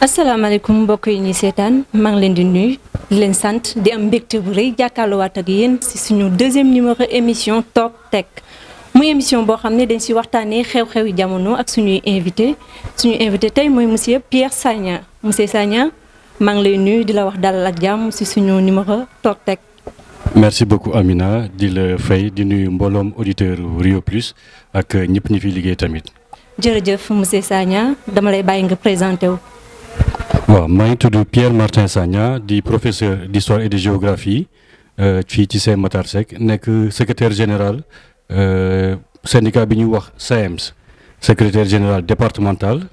asalaamaaleykum mbokk yi ñuy seetaan maa ngi leen di nuyu leen sant di am mbégte bu rëy jàkkaarloowaat ak yéen ci suñu deuxième numéro émission toog teg muy émission boo xam ne dañ ci waxtaanee xew-xewi jamono ak suñuy invité suñu invité tey mooy monsieur Pierre Sagna monsieur Sagna maa ngi lay nuyu di la wax dalal ak jàmm ci suñu numéro Tok Tek. merci beaucoup Amina di la fay di nuyu mbooloom auditeur Rio Plus ak ñëpp ñi fi liggéey tamit. jërëjëf monsieur Sagna dama lay bàyyi nga présenté wu. waaw maa ngi tudd Pierre Martin Sagna di professeur d'histoire et de géographie euh, fii ci seen Matar Seck nekk secretaire général euh, syndicat bi ñuy wax SAEMS secretaire général départemental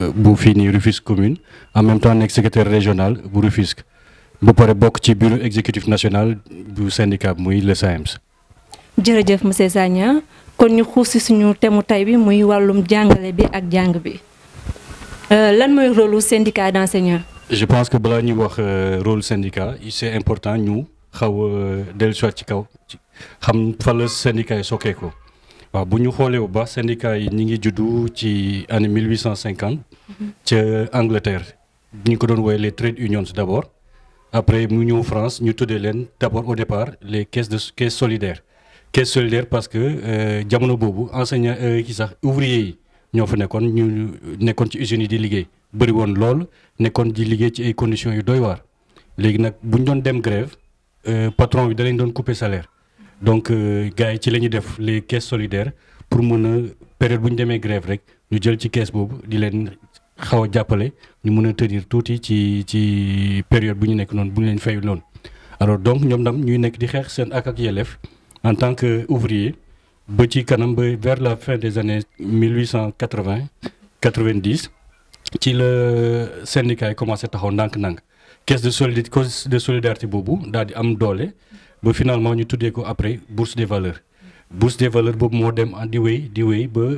euh, bu fii nii Rufisque commune en même temps nekk secrétaire régional bu Rufisque ba pare bokk ci bureau exécutif national bu syndicat bi muy le SAEMS. jërëjëf monsieur Sagna kon ñu xuus suñu temu tay bi muy wàllum jàngale bi ak jàng bi. Euh, lan mooy rôle lu syndicat je pense que balaa ñuy wax euh, rôle syndicat c' est important ñu xaw a euh, dellusiwaat ci kaw xam fan la syndicat yi sokkee ko waaw bu ñu xoolee bu baax syndicat yi ñu ngi juddu ci année 1850 ca Angleterre ñu ko doon woowee les trade unions d' abord après mu ñëw France ñu tuddee leen d' abord au départ les caisses de caisse solidaire caisse solidaire parce que jamono boobu enseignant kii sax ouvrier yi. ñoo fa nekkoon ñu nekkoon ci usines yi di liggéey bëri woon lool nekkoon di liggéey ci ay conditions yu doy waar léegi nag bu ñu doon dem grève euh, patron bi da doon couper salaire donc euh, gars yi ci la ñuy def les caisses solidaire pour mën a période bu ñu demee grève rek ñu jël ci caisse boobu di leen xaw a jàppale ñu mën a tenir tuuti ci ci période bu ñu nekk noonu bu ñu leen fayul noonu alors donc ñoom tam ñuy nekk di xeex seen ak ak yelleef en tant que ouvrier. ba ci kanam ba vers la fin des années mille huit cent quatre vingt quatre ci la syndicat yi commencé taxaw ndànk-ndànk caisse de soli caisse de solidarité boobu daal di am doole ba finalement ñu tuddee ko après bourse des valeurs bourse des valeurs boobu moo dem di wéy di wéy ba euh,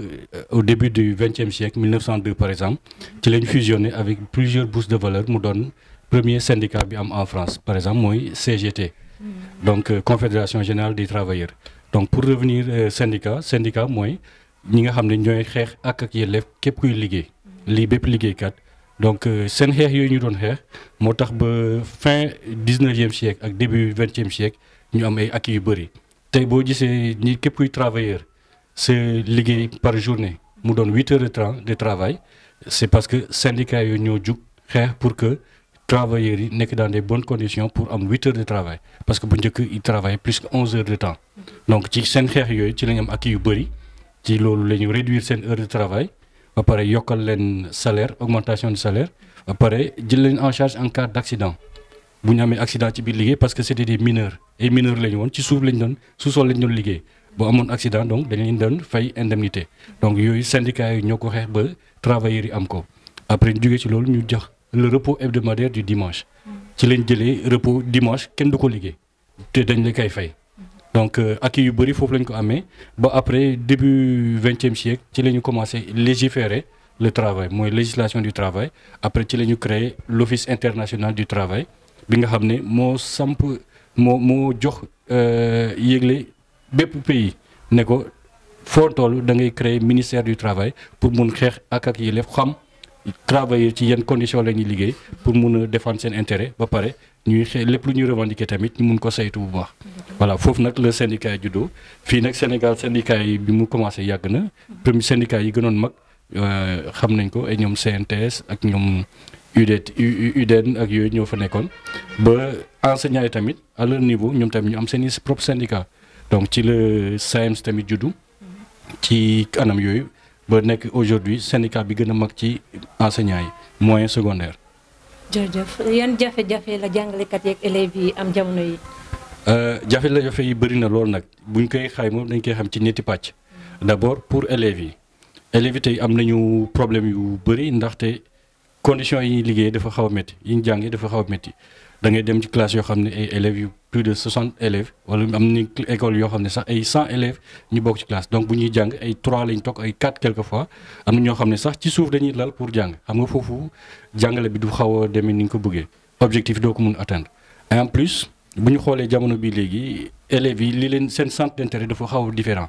au début du vingtième siècle 1902 par exemple ci lañ fusionné avec plusieurs bourses de valeurs mu doon premier syndicat bi am en France par exemple mooy CGT hmm. donc euh, Confédération Générale des Travailleurs donc pour revenir euh, syndicat syndicat mooy ñi nga xam ne ñooy xeex ak ak yelleef képp kuy liggéey lii bépp liggéeykat donc euh, seen xeex yooyu ñu doon xeex moo tax ba fin dix-neuvième siècle ak début vingtième siècle ñu am ay ak yu bëri tey boo gisee ñi képp kuy travailleur sa liggéey par journée mu doon huit heures de temps de travail c'est parce que syndicat yooyu ñoo jug xeex pour que travailleurs yi nekk dans des bonnes conditions pour am huit heures de travail parce que bu njëkk ils travaillent plus que onze heures de temps donc ci seen xeex yooyu ci la ñu am acquis yu bëri ci loolu la ñu réduire seen heure de travail ba pare yokkal leen salaire augmentation de salaire ba pare jël leen en charge en cas d' bu ñu amee accident ci biir liggéey parce que c' était des mineurs ay mineurs la ñu woon ci suuf la doon sous-sol doon liggéey bu amoon accident donc dañ leen doon fay indemnité donc yooyu syndicats yi ñoo ko xeex ba travailleurs yi am ko après ñu jógee loolu ñu jox. le repos hebdomadaire du dimanche mm. ci lañ jëlee repos dimanche kenn du ko liggéey te dañ la kay fay mm-hmm. donc euh, ak yu bëri foofu lañ ko amee ba après début vingtième siècle ci la ñu commencé légiférer le travail mooy législation du travail après ci la ñu créé l' international du travail bi nga xam ne moo samp moo moo jox euh, yégle bépp pays ne ko foo toolu da ngay créer ministère du travail pour mun xeex ak ak yëleef xam. travailleurs ci yenn condition la ñuy liggéey pour mun a defaan seen intérêt ba pare ñuy xëy lépp lu ñuy revendiquer tamit ñu mun ko saytu bu baax. voilà foofu nag le syndicat yi juddoo fii nag Sénégal syndicat yi bi mu commencé yàgg na premier syndicat yi gënoon mag euh, xam nañ ko ay ñoom CNTS ak ñoom UDT UDN ak yooyu ñoo fa nekkoon ba enseignants yi tamit à leur niveau ñoom tamit ñu am seen i propre syndicat donc ci la SAEMS tamit juddu ci anam yooyu. ba nekk aujourd'hui syndicat bi gën a mag ci enseignants yi moyen secondaire. jërëjëf yan jafe-jafe la jàngalekat yeeg élèves yi am jamono yi. Euh, jafe-jafe yi bëri na lool nag buñ koy xayma dañ koy xam ci ñetti pàcc d'abord pour élèves yi élèves yi tey am nañu problème yu bëri ndaxte condition yi ñuy liggéey dafa xaw a yi ñu jàngee dafa xaw a da ngay dem ci classe yoo xam ne ay élèves yu plus de soixante élèves wala am ni école yoo xam ne sax ay cent élèves ñu bokk ci classe donc bu ñuy jàng ay trois lañ toog ay quatre quelque fois am na ñoo xam ne sax ci suuf dañuy lal pour jàng xam nga foofu jàngale bi du xaw a demee ni nga ko bëggee objectif doo ko mun atteindre et en plus bu ñu xoolee jamono bi léegi élèves yi li leen seen cent d'intérêt dafa xaw a différent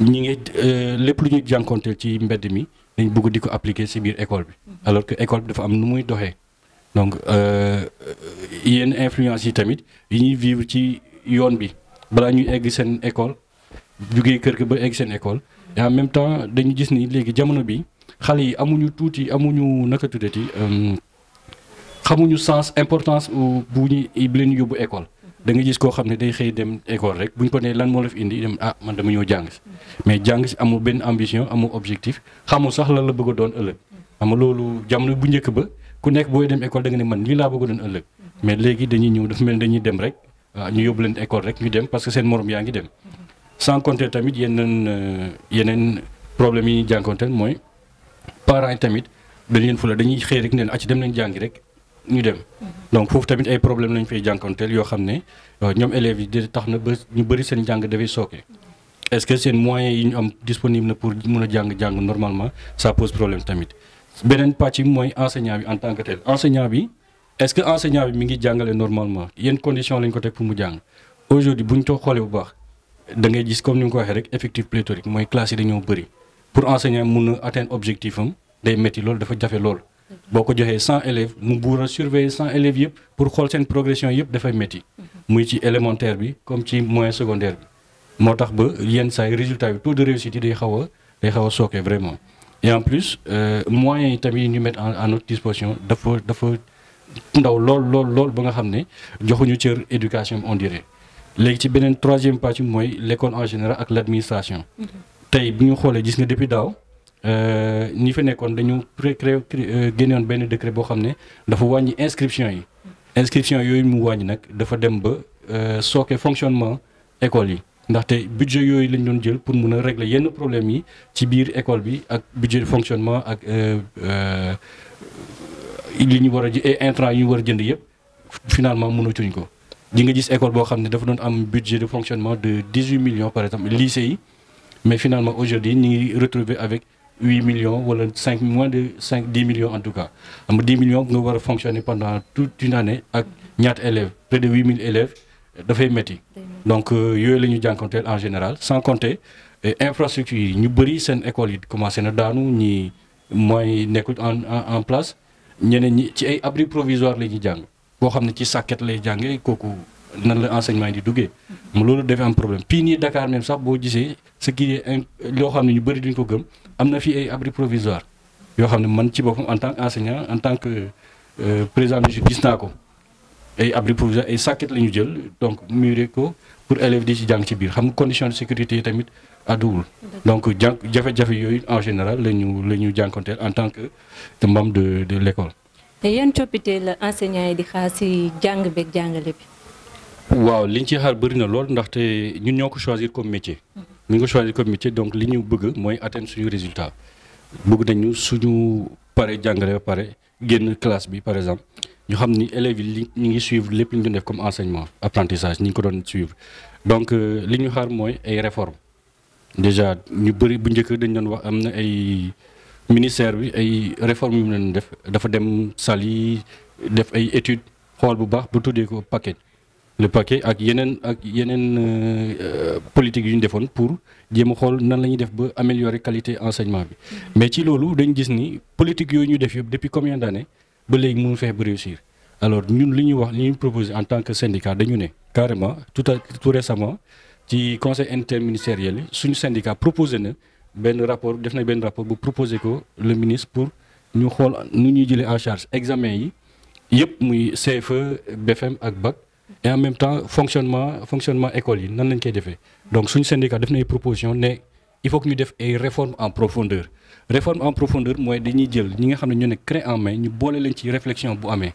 ñi ngi euh, lépp lu ñuy jànkonteel ci mbedd mi dañ bëgg di ko appliquer si biir école bi mm-hmm. alors école dafa am nu muy doxee donc euh, euh, yenn influence yi tamit yi ñuy vivre ci yoon bi balaa ñuy egg seen école jugee kër ga ba egg seen école et en même temps dañu gis ni léegi jamono bi xale yi amuñu tuuti amuñu naka tuddati euh, xamuñu sens importance bu ñuy bi leen yóbbu école da nga gis koo xam ne day xëy dem école rek buñ ko nee lan moo la fi indi dem ah man dama ñëw jàng si mais jàng si amul benn ambition amul objectif xamul sax lan la bëgg a doon ëllëg xam loolu jamono bu njëkk ba. ku nekk booy dem école da nga ne man lii laa bëgg doon ëllëg mais léegi dañuy ñëw dafa mel ni dañuy dem rek ah, ñu yóbbu leen école rek ñu dem parce que seen morom yaa ngi dem sans compter tamit yeneen euh, yeneen problème yi ñuy jànkonteel mooy parents yi tamit dañ leen fula dañuy xëy rek ne leen dem nañ jàngi rek ñu dem donc foofu tamit ay problème lañ fay jànkonteel yoo xam ne euh, ñoom élèves yi di tax na ba ñu bëri seen jàng dafay sooke est-ce que seen moyens yi ñu am disponible na pour mun a jàng jàng normalement ça pose problème tamit beneen pàcc bi mooy enseignant bi en tant que tel enseignant bi est enseignant bi mi ngi jàngale normalement yenn condition lañ ko teg pour mu jàng aujourd'hui bu ñu ko xoolee bu baax da ngay gis comme ni nga ko waxee rek effectif pléthorique mooy classes yi dañoo bëri pour enseignant mun a atteindre objectif am day métti loolu dafa jafe lool. boo ko joxee cent élèves mu buur a surveiller cent élèves yëpp pour xool seen progression yëpp dafay métti. muy ci élémentaire bi comme ci moyen secondaire bi moo tax ba yenn saa yi résultat bi taux de réussite yi day en plus euh, moyens yi tamit ñu mettre en notre disposition dafa dafa ndaw lool lool lool ba nga xam ne joxuñu cër éducation on dirait léegi ci beneen troisième partie mooy l'école en général ak l'administration mm-hmm. tey bi ñu xoolee gis nga depuis daaw euh, ñi fi nekkoon dañu créé euh, génnewoon benn décret boo xam ne dafa wàññi inscription yi inscription yooyu mu wàññi nag dafa dem ba sooke fonctionnement école yi ndaxte budget yooyu lañ doon jël pour mun a régler yenn problème yi ci biir école bi ak budget de fonctionnement ak euh, euh, li ñu war a ji et intrant war a jënd yëpp finalement mënatuñ ko. di nga gis école boo xam ne dafa doon am budget de fonctionnement de dix-huit millions par exemple lycée yi mais finalement aujourd'hui ñu ngi retrouver avec huit millions wala cinq moins de cinq dix millions en tout cas am dix millions nga war a fonctionner pendant toute une année ak ñaata élèves près de huit dafay métti donc euh, yooyu la ñu jànkonteel en général sans compter infrastructure yi ñu bëri seen école yi commencé na daanu ñi mooy nekkul en en place ñeneen ñi ci ay abri provisoire la ñuy jàng boo xam ne ci sàkket lay jàngee kooku nan la enseignement yi di duggee mu mm-hmm. loolu dafay am problème puis nii Dakar même sax boo gisee ce qui est loo xam ne ñu bëri duñ ko gëm am na fi ay abri provisoire yoo xam ne man ci boppam en tant que enseignant en tant que euh, président gis naa ko ay abri provisoire ay sàkket la ñu jël donc muré ko pour élève di ci jàng ci biir xam nga condition de sécurité tamit àdduwul donc jàng jafe-jafe yooyu en général la ñu la ñu jànkonteel en tant que membre de de l' école. te yan coppite la enseignant yi di xaar si jàng beeg jàngale bi. waaw liñ ci xaar bëri na lool ndaxte ñun ñoo ko choisir comme métier. Mhm. ñu ngi ko choisir comme métier donc li ñu bëgg mooy atteindre suñu résultat bëgg nañu suñu pare jàngale ba pare génn classe bi par exemple ñu xam ni élèves yi ñu ngi suivre lépp li ñu doon def comme enseignement apprentissage ñu ngi ko doon suivre donc euh, li ñu xaar mooy ay réformes déjà ñu bëri bu njëkk dañ doon wax am na ay ministère bi ay réformes yu mu def dafa dem salle yi def ay études xool bu baax bu tuddee ko paquet le paquet ak yeneen ak yeneen euh, euh, politique yu ñu defoon pour jéem a xool nan la def ba améliorer qualité enseignement bi mais ci loolu dañ gis ni politique yooyu ñu def yëpp depuis combien d'années ba léegi mënu fexe ba réussir alors ñun li ñuy wax li ñuy proposer en tant que syndicat dañu ne carrément tout à tout récemment ci conseil interministériel suñu syndicat proposé na benn rapport def na benn rapport bu proposé ko le ministre pour ñu xool nu ñuy jëlee en charge examen yi yëpp muy CFE BFM ak BAC et en même temps fonctionnement fonctionnement école yi nan lañ koy defee donc suñu syndicat def na proposition ne il faut que ñu def ay réformes en profondeur réforme en profondeur mooy dañuy jël ñi nga xam ne ñoo ne clé en main ñu boole leen ci réflexion bu amee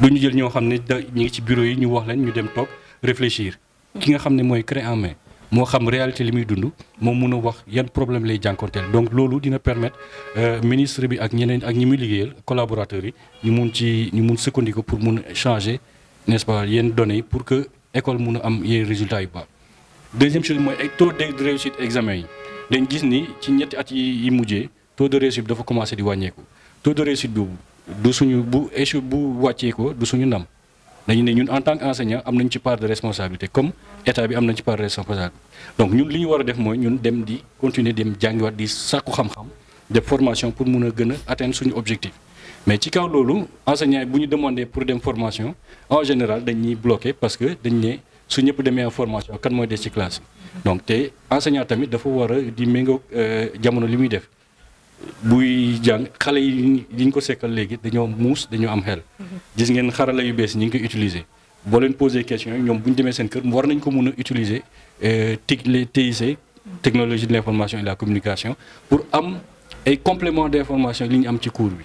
du ñu jël ñoo xam ne da ñu ngi ci bureau yi ñu wax leen ñu dem toog réfléchir ki nga xam ne mooy clé en main moo xam réalité li muy dund moom mun a wax yan problème lay jànkonteel donc loolu dina permettre euh, ministre bi ak ñeneen ak ñi muy liggéeyal collaborateurs yi ñu mun ci ñu mun sukkandiku pour mun changer n'est-ce pas yenn données yi pour que école mun a am yenn yu baax. deuxième chose mooy ay taux de réussite examen yi dañ gis ni ci ñetti at yi mujjee taux de réussite bi dafa commencé di wàññeeku taux de réussite boobu du suñu bu échec bu wàcceekoo ko du suñu ndam dañu ne ñun en tant que enseignant am nañ ci part de responsabilité comme état bi am na nañ ci part de responsabilité donc ñun li ñu war a def mooy ñun dem di continuer dem jàngiwaat di sàkku xam-xam def formation pour mun a gën a atteindre suñu objectif mais ci kaw loolu enseignant bu ñu demandé pour dem formation en général dañuy bloqué parce que dañ su ñëpp demee en formation kan mooy des ci classe donc te enseignant tamit dafa war a di méngoo euh, jamono li muy def buy jàng xale yi li ñu ko sekkal léegi dañoo muus dañoo am xel. gis ngeen xarala yu bees ñu ngi koy utiliser boo leen posé question yi ñoom bu ñu demee seen kër war nañ ko mun a utiliser euh, TIC les TIC. technologie de l' information et la communication pour am ay complément d' information li ñu am ci cours bi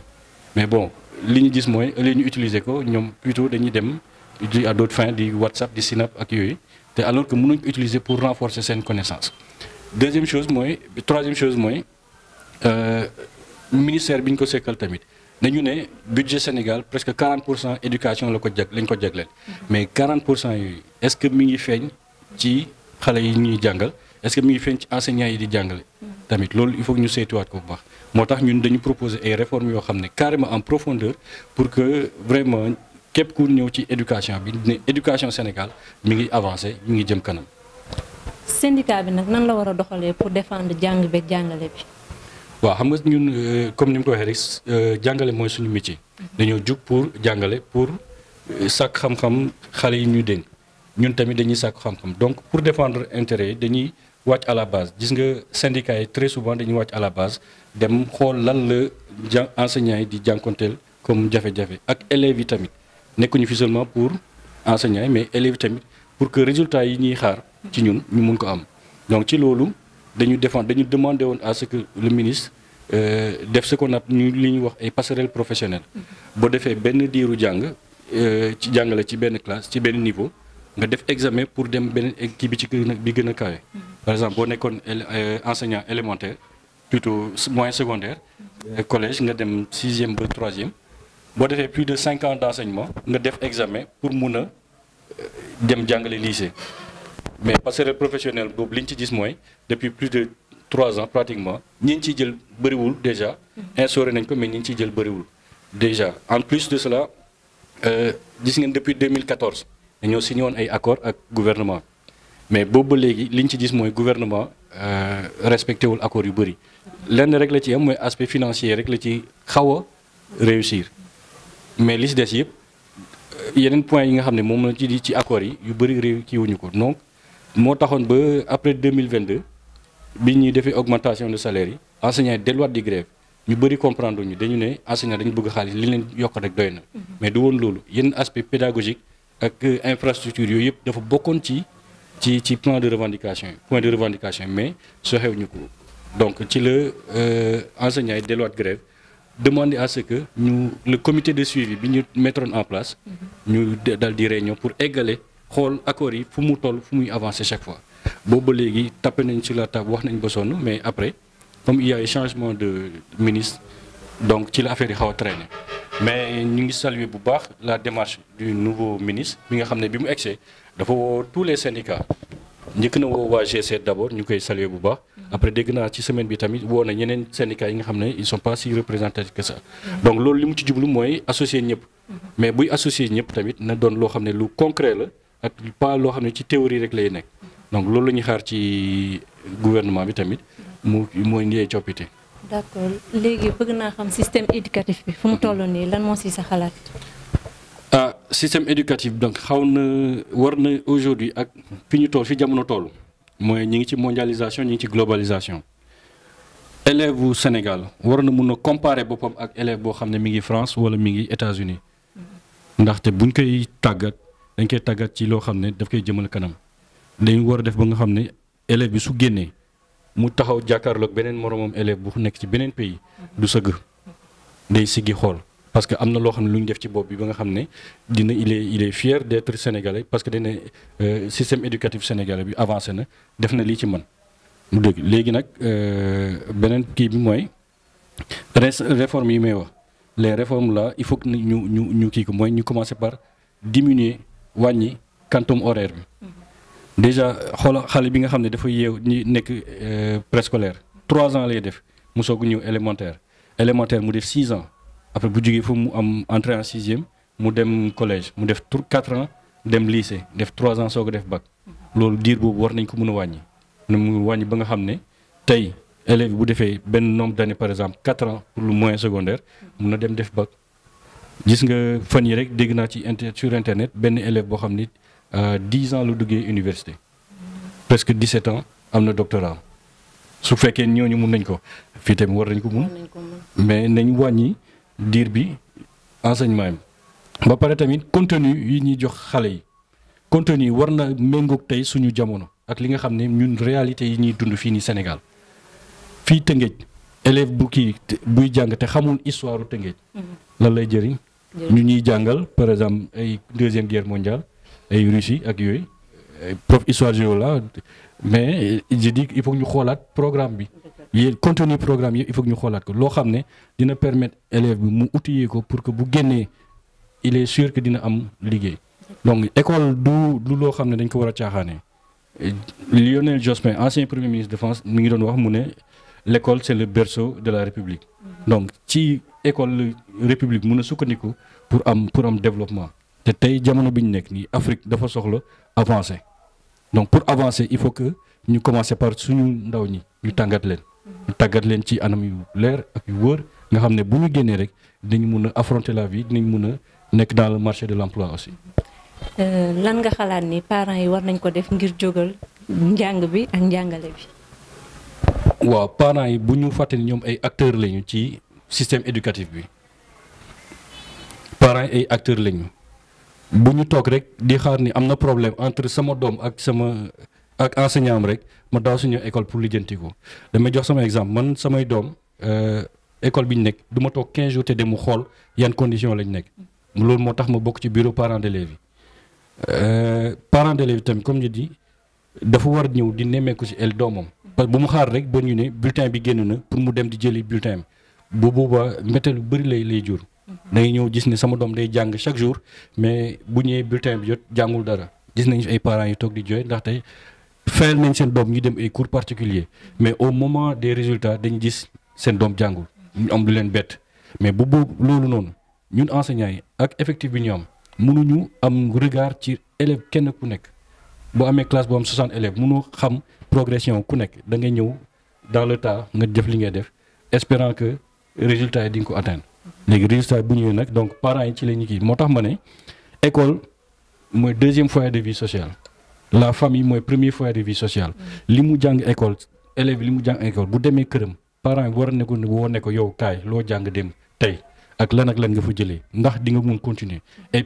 mais bon li ñu gis mooy li ñu utiliser ko ñoom plutôt dañuy dem. di à d'autres fins di WhatsApp di Snap ak yooyu te alors que mënuñ ko utiliser pour renforcer seen connaissance deuxième chose mooy euh, ministère bi ñu ko sekkal tamit dañu ne budget Sénégal presque 40 pour cent éducation la ko jag lañ ko jagleel mais 40 pour cent yooyu est-ce que mi ngi feeñ ci xale yi ñuy jàngal est-ce que mi ngi feeñ ci enseignants yi di jàngale tamit loolu il faut ñu saytuwaat ko bu baax moo tax ñun dañu proposer ay réformes yoo xam ne carrément en profondeur pour képp ku ñëw ci éducation bi ne éducation Sénégal mu ngi avancé mi ngi jëm kanam. syndicat bi nag nan la war a doxalee pour défendre jàng beeg jàngale bi. waaw xam nga ñun euh, comme ni mu ko waxee rek euh, jàngale mooy suñu métier. dañoo jug pour jàngale pour euh, sàkk xam-xam xale yi ñu dénk ñun tamit dañuy sàkk xam-xam donc pour défendre intérêt yi dañuy wàcc à la base gis nga syndicats yi très souvent dañuy wàcc à la base dem xool lan la enseignants yi di jànkonteel comme jafe ak élèves yi tamit. nekkuñu fi seulement pour enseignants yi mais élèves tamit pour que résultats yi ñuy xaar ci ñun ñu mun ko am donc ci loolu dañu défendre dañu demander woon à ce que le ministre euh, def ce qu'on a ñu li ñuy wax ay passerelles professionnelles boo defee benn diiru jàng euh, ci jàngale ci benn classe ci benn niveau nga def examen pour dem beneen kii bi ci gën a bi gën a kawe par exemple boo nekkoon euh, enseignant élémentaire plutôt moyen secondaire collège nga dem sixième ba troisième boo defee plus de cinq ans d' nga def examen pour mun a euh, dem jàngale lycée mais passerelle professionnel boobu li ñu ci gis mooy depuis plus de trois ans pratiquement ñi ñu ciy jël bëriwul déjà instauré nañ ko mais ñi ñu ciy jël bëriwul déjà en plus de cela euh, gis ngeen depuis 2014 dañoo signé woon ay accord ak gouvernement mais boobu ba léegi li ñu ci gis mooy gouvernement euh, respecté wul accord yu bëri lenn rek la ci am mooy aspect financier rek la ci xaw réussir mais li si des yëpp euh, yeneen point yi nga xam ne moom la ci ci accords yi yu bëri réew kii ko donc moo taxoon ba après 2022 bi ñuy defee augmentation de salaire yi enseignants yi delluwaat di grève ñu bëri comprendre ñu dañu ne enseignants dañu bëgg xaalis li leen yokk rek doy na mhm. mais du woon loolu yenn aspect pédagogique ak euh, infrastructure yooyu yëpp dafa bokkoon ci ci ci plan de revendication point de revendication mais soxew ñu ko donc ci la euh, enseignants yi delluwaat grève demander à ce que ñu le comité de suivi bi ñu mettroon en place ñu dal di réunion pour égaler xool accords yi fu mu toll fu muy avancer chaque fois boobu ba léegi tappe nañ sur la table wax nañ ba sonn mais après comme il y changement de ministre donc ci la affaire yi xaw a traîner mais ñu ngi saluer bu baax la démarche du nouveau ministre bi nga xam ne bi mu egsee dafa woo tous les syndicats njëkk na woo waa G7 d'abord ñu koy saluer bu baax après dégg naa ci semaine bi tamit woo na ñeneen syndicats yi nga xam ne ils sont pas si représentatifs que ça donc loolu li mu ci jublu mooy associer ñëpp mais buy associer ñëpp tamit na doon loo xam ne lu concret la ak pas loo xam ne ci théorie rek lay nekk donc loolu la ñuy xaar ci gouvernement bi tamit mu mooy ndiyee coppite. d'accord léegi bëgg naa xam système éducatif bi fu mu toll nii lan moo si sa xalaat. Ah, système éducatif donc xaw na war na aujourd'hui ak ñu toll fi jamono toll. mooy ñi ngi ci mondialisation ñi ngi ci globalisation élève bu Sénégal war na mun a comparer boppam ak élève boo xam ne mi ngi France wala mi ngi États-Unis ndaxte buñ koy tàggat dañ koy tàggat ci loo xam ne daf koy jëmal kanam dañ war a def ba nga xam ne élève bi su génnee mu taxaw jàkkaarloog beneen moromam élève bu nekk ci beneen pays du sëgg day siggi xool. parce que am na loo xam ne lu ñu def ci bopp bi ba nga xam ne dina il est il est fier d' être sénégalais parce que dana euh, système éducatif sénégalais bi avance na def na lii ci man mu dëgg léegi nag euh, beneen kii bi mooy réforme yi may wax les réformes là il faut que ñu ñu ñu kii ko mooy ñu commencer par diminuer wàññi quantum horaire bi mm-hmm. déjà xoola xale bi nga xam ne dafa yeew ñi nekk euh, préscolaire trois ans lay def mu soog ñëw élémentaire élémentaire mu def six ans. après bu jugee foofu mu am entrée en sixième mu dem collège mu def tur quatre ans dem lycée def trois ans soo ko def bac loolu diir boobu war nañ ko mun a wàññi mu wàññi ba nga xam ne tey élève bu defee benn nombre d'années par exemple quatre ans pour le moyen secondaire mun na dem def bac gis nga fan yi rek dégg naa ci inter sur internet benn élève boo xam ni dix ans la duggee université presque dix-sept ans am na doctorat su fekkee ñooñu mun nañ ko fii tamit war nañ ko mun diir bi enseignement yi ba pare tamit contenu yi ñuy jox xale yi contenu yi war na méngoog tey suñu jamono ak li nga xam ne ñun réalité yi ñuy dund fii nii Sénégal fii Tëngéej élève bu kii buy jàng te xamul histoire u Tëngéej mm-hmm. lay jëriñ ñu ñuy jàngal par exemple ay deuxième guerre mondiale ay Russie ak yooyu prof histoire géo la mais je dis il faut ñu xoolaat programme bi yéen contenu programme yi il faut que ñu xoolaat ko loo xam ne dina permettre élève bi mu outiller ko pour que bu génnee il est sûr que dina am liggéey donc école du loo xam ne dañ ko war a caaxaanee Lionel Jospin ancien premier ministre de France mu ngi doon wax mu ne l' école c' le berceau de la république donc ci école république mun a sukkandiku pour am pour développement te tey jamono bi ñu nekk nii Afrique dafa soxla avancer donc pour avancer il faut que ñu commencer par suñu ndaw ñi ñu tàngat leen. tàggat leen ci anam yu leer ak yu wóor nga xam ne bu ñu génnee rek dañu mun a affronter la vie dinañ mun a nekk dans le marché de l'emploi aussi. Euh, lan nga xalaat ni parents yi war nañ ko def ngir jógal njàng bi ak njàngale bi. waaw parents yi bu ñu fàtte ni ñoom ay acteurs lañu ci système éducatif bi parents yi ay acteurs lañu bu ñu toog rek di xaar ni am na problème entre sama doom ak sama ak enseignant rek ma daw suñu école pour lijjanti ko damay jox sama exemple man samay doom euh, école bi ñu nekk duma ma toog 15 jours te de mu xool yan condition lañ nekk loolu moo tax ma bokk ci bureau parents d'élèves yi euh, parents d'élèves tamit comme je di dafa war ñëw di nemmeeku ci el doomam. parce que bu mu xaar rek ba ñu ne bulletin bi génn na pour mu dem di jëli bulletin bi bu boobaa mbetteel lu bëri lay lay jur. da ngay ñëw gis ne sama doom day jàng chaque jour mais bu ñëwee bulletin bi jot fayal nañ seen doom ñu dem ay cours particulier mais au moment des résultats dañ gis seen doom jàngul ñu am lu leen bett mais bu boobu loolu noonu ñun enseignants yi ak effective bi ñu am mënuñu am regard ci élève kenn ku nekk boo amee classe boo am 60 élèves mënoo xam progression ku nekk da ngay ñëw dans le tas nga def li ngay def espérant que résultat yi di nga ko atteindre léegi résultat bu ñëwee nag donc parents yi ci la ñu kii moo tax ma ne école mooy deuxième foyer de vie sociale la famille mooy premier foyer de vie sociale li mu jàng école élève li mu jàng école bu demee këram parents yi war ne ko woo ne ko yow kaay loo jàng dem tey ak lan ak lan nga fa jëlee ndax di nga mun continuer et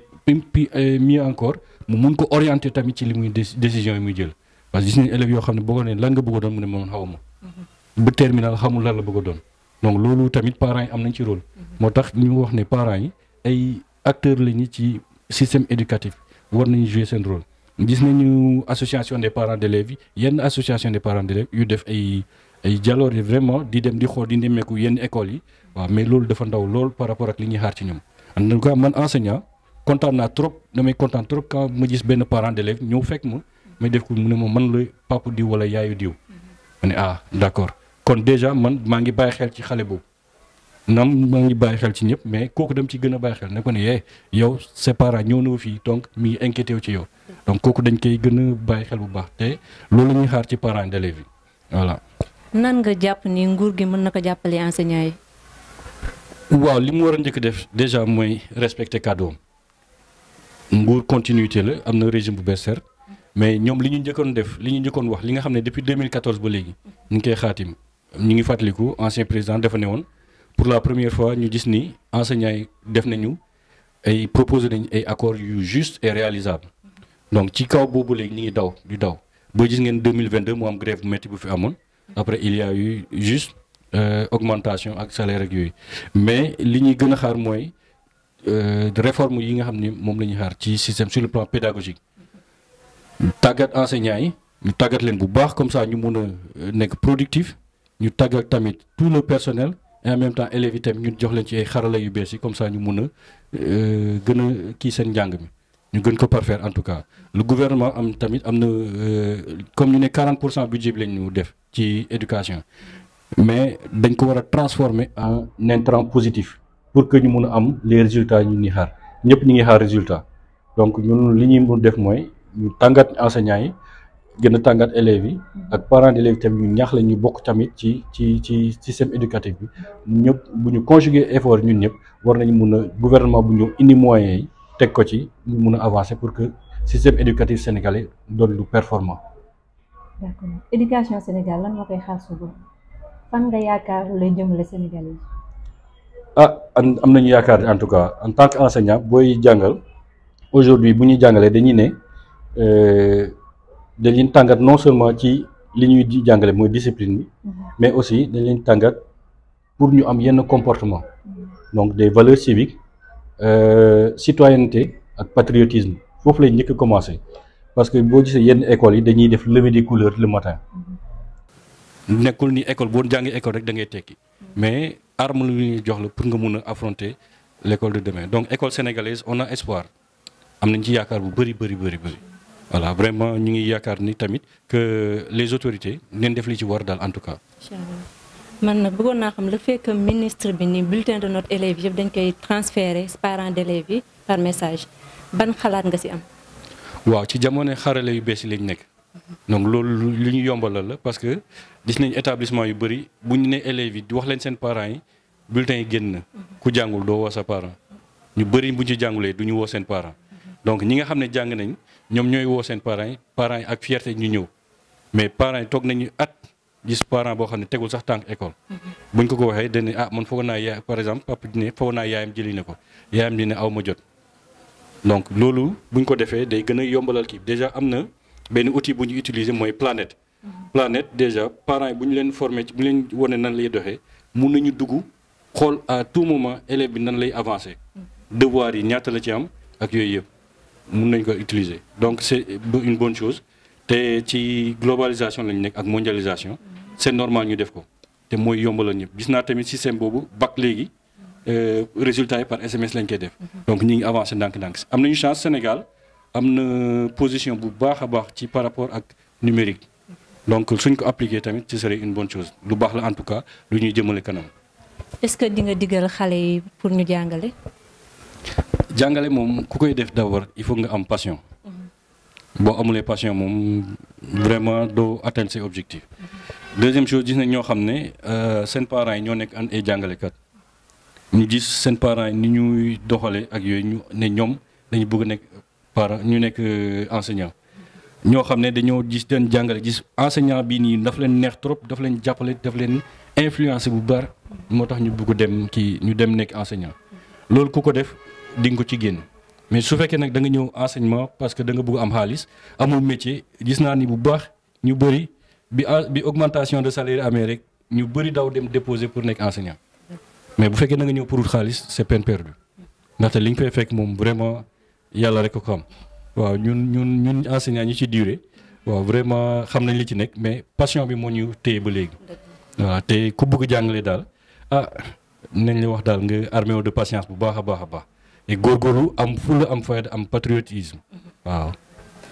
puis euh, mieux encore mu mun ko orienter tamit ci li muy décision yi muy jël parce que gis nañ élèves yoo xam ne bëggoon ne lan nga bëgg doon mu ne moom xaw ma mm-hmm. bu terminal xamul lan la bëgg doon donc loolu tamit parents yi am nañ ci rôle mm-hmm. moo tax ñu wax ne parents yi ay acteurs lañu ci système éducatif war nañu jouer seen rôle gis nañu association de parents d'élèves yi yenn association des parents d'élèves yu def ay jaloor yi vraiment di dem di xool di nemmeeku yenn école yi waaw mais loolu dafa ndaw lool par rapport ak li ñuy xaar ci ñoom en tout cas man enseignant kontaan naa trop damay kontaan trop quand ma gis benn parent d'élève ñëw fekk ma may def ko mu ne ma man la papa diw wala yaayu diw mhm. ma ne ah d'accord kon déjà man maa ngi bàyyi xel ci xale boobu naam maa ngi bàyyi xel ci ñëpp mais kooku dem ci gën a bàyyi ne ko ne yee eh, yow ses ñëw na fii donc mi ngi inquiété wu ci yow donc kooku dañ koy gën bàyyi xel bu baax te loolu la ñuy xaar ci parents d'élèves voilà. nan nga jàpp ni nguur gi mën na ko jàppale enseignants yi. waaw li mu war a njëkk def déjà mooy respecter kàddoom nguur continuité la am na régime bu bees ser mais ñoom li ñu njëkkoon def li ñu njëkkoon wax li nga xam ne depuis 2014 ba léegi ñu ngi koy xaatim ñu ngi fàttaliku ancien président dafa ne woon. pour la première fois ñu gis ni enseignants yi def nañu ay proposé nañu ay accords yu juste et réalisable donc ci kaw boobu léegi ñu ngi daw di daw ba gis ngeen 2022 mu am grève bu métti bu fi amoon après il y a eu juste euh, augmentation ak salaire ak yooyu mais li ñuy gën a xaar mooy euh, réforme yi nga xam ni moom la ñuy xaar ci système sur le plan pédagogique tàggat enseignants yi ñu tàggat leen bu baax comme sax ñu mun a euh, nekk productif ñu tàggat tamit tout le personnel et en même temps élèves yi tamit ñu jox leen ci ay xarala yu bees yi comme ça ñu mun a euh, gën a kii seen njàng mi ñu gën ko parfaire en tout cas lu gouvernement am tamit am na euh, comme ñu ne 40 pour cent budget bi la ñu def ci éducation mais dañ ko war a transformer en intrant positif pour que ñu mun a am les résultats ñu ni xaar ñëpp ñu ngi xaar résultat donc ñun li ñuy mun def mooy ñu tàngat enseignants yi gën a tàngaat élèves yi ak parents d'élèves yi tamit ñu ñaax la ñu bokk tamit ci ci ci système éducatif bi ñëpp bu ñu conjuguer effort ñun ñëpp war nañu mun a gouvernement bu ñëw indi moyens yi teg ko ci ñu mun a avancer pour que système éducatif sénégalais doon lu performant. d'accord éducation Sénégal lan moo koy xaar suba fan nga yaakaar lay jëmale sénégalais yi. ah am en tout cas en tant que enseignant booy jàngal aujourd'hui bu ñuy jàngalee dañuy ne. Euh, dañ leen tàngat non seulement ci li ñuy jàngale mooy discipline mhm. mais aussi dañ tàngat pour ñu am yenn comportement mhm. donc des valeurs civiques euh, citoyenneté ak patriotisme foofu lañ njëkk commencé parce que boo gisee yenn écoles yi dañuy def levée des couleurs le matin mhm. nekkul ni école boo jàng école rek da ngay tekki mais arme lu ñuy jox la pour nga mun a affronter l'école de demain donc école sénégalaise on a espoir am nañ ci yaakaar bu bëri bëri bëri voilà vraiment ñu ngi yaakaar ni tamit que les autorités neen def li ci war daal en tout cas. man na bëggoon naa xam le fekk ministre bi ni bulletin de note élèves yëpp dañ koy transférer parents d'élèves yi par message ban xalaat nga ci am. waaw ci jamono xarale yu bees yi lañ nekk. donc loolu lu ñu yombalal la parce que gis nañ établissement yu bëri bu ñu nee élèves yi di wax leen seen parents yi bulletin yi génn na ku jàngul doo woo sa parent ñu bëri bu ñu ci jàngulee du ñu woo seen parent donc ñi nga xam ne jàng nañ ñoom ñooy woo seen parents yi parents yi ak fierté ñu ñëw mais parents yi toog nañu at gis parent boo xam ne tegul sax tànk école mm-hmm. buñ ko ko waxee dañ ne ah man foog naa yaay par exemple papa ji ne foog naa yaayam jëli na ko yaayam ji ne aw ma jot donc loolu buñ ko defee day gën a yombalal kii déjà am na benn outil bu ñu utiliser mooy planète mm-hmm. planète déjà parents yi bu ñu leen formé ci bu ñu leen wane nan lay doxee mun nañu dugg xool à tout moment élève bi nan lay avancé mm-hmm. devoir yi ñaata la ci am ak yooyu yëpp mun nañ ko utiliser donc c' est une bonne chose te ci globalisation lañ nekk ak mondialisation c' est normal ñu def ko te mooy yombalal ñëpp gis naa tamit système boobu bac léegi euh, résultat yi par SMS lañ koy def. donc ñu ngi avancé ndànk am nañu chance Sénégal am na position bu baax a baax ci par rapport ak numérique donc suñ ko appliqué tamit ci serait une bonne chose lu baax la en tout cas lu ñuy jëmale kanam. est-ce que di digal xale yi pour ñu jàngale. jàngale moom ku koy def d'abord il faut nga am passion mhm. boo amulee passion moom vraiment doo atteindre ses objectifs deuxième chose gis ñoo xam ne euh, seen parents yi ñoo nekk an ay jàngalekat ñu gis seen parents ni ñuy doxalee ak yooyu ñu ne ñoom dañu bëgg nekk parent ñu nekk euh, enseignant ñoo xam ne dañoo gis den jàngale gis enseignant bii nii daf leen neex trop daf leen jàppale daf leen influencer bu baax moo tax ñu bëgg dem kii ñu dem nekk enseignant loolu ku ko def di ko ci génn mais su fekkee nag da nga ñëw enseignement parce que da nga bëgg xaalis amoo métier gis naa ni bu baax ñu bëri bi bi augmentation de salaire amee rek ñu bëri daw dem déposer pour nekk enseignant mais bu fekkee da ñëw pour wut xaalis c'est peine perdue ndaxte li ñu fay fekk moom vraiment yàlla rek ko am waaw ñun ñun ñun enseignant ñi ci durée waaw vraiment xam nañ li ci nekk mais passion bi moo ñu téye ba léegi waaw te ku bëgg jàngale daal ah nañ la wax daal nga armé de patience bu baax a baax a baax te góorgóorlu am fulla am fayda am patriotisme waaw.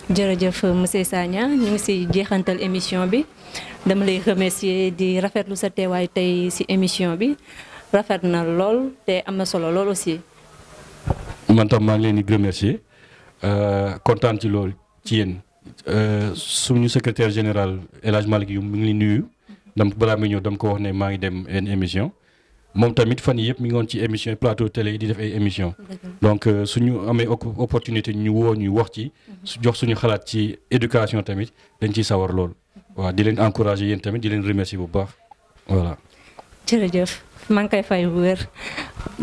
jërëjëf monsieur Sagna ñu ngi si jeexantal émission bi dama lay remercier di rafetlu sa teewaay tey si émission bi rafet na lool te am na solo lool si man tam maa ngi leen di remercier euh, kontaan ci lool ci yéen euh, suñu secrétaire général El Hadj Malick yu mu ngi nuyu. dam balaa mu ñëw dama ko wax ne maa ngi dem en émission. moom tamit fan yii yëpp mi ngi woon ci émission plateau télé yi di def ay émission donc euh, suñu amee opportunité ñu woo ñu wax ci jox suñu xalaat ci éducation tamit dañ ci sawar lool waaw di leen encourager yéen tamit di leen remercier bu baax voilà. jërëjëf maa ngi koy fay bu wér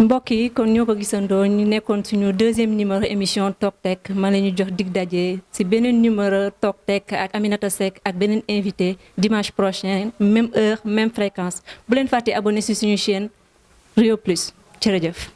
mbokk yi kon ñoo ko gisandoo ñu nekkoon suñu deuxième numéro émission Tok Tek ma la ñu jox dig daje si beneen numéro Tok Tek ak Aminata Seck ak beneen invité dimanche prochain même heure même fréquence bu leen fàtte abonné si suñu chaîne. Rio Plus jërëjëf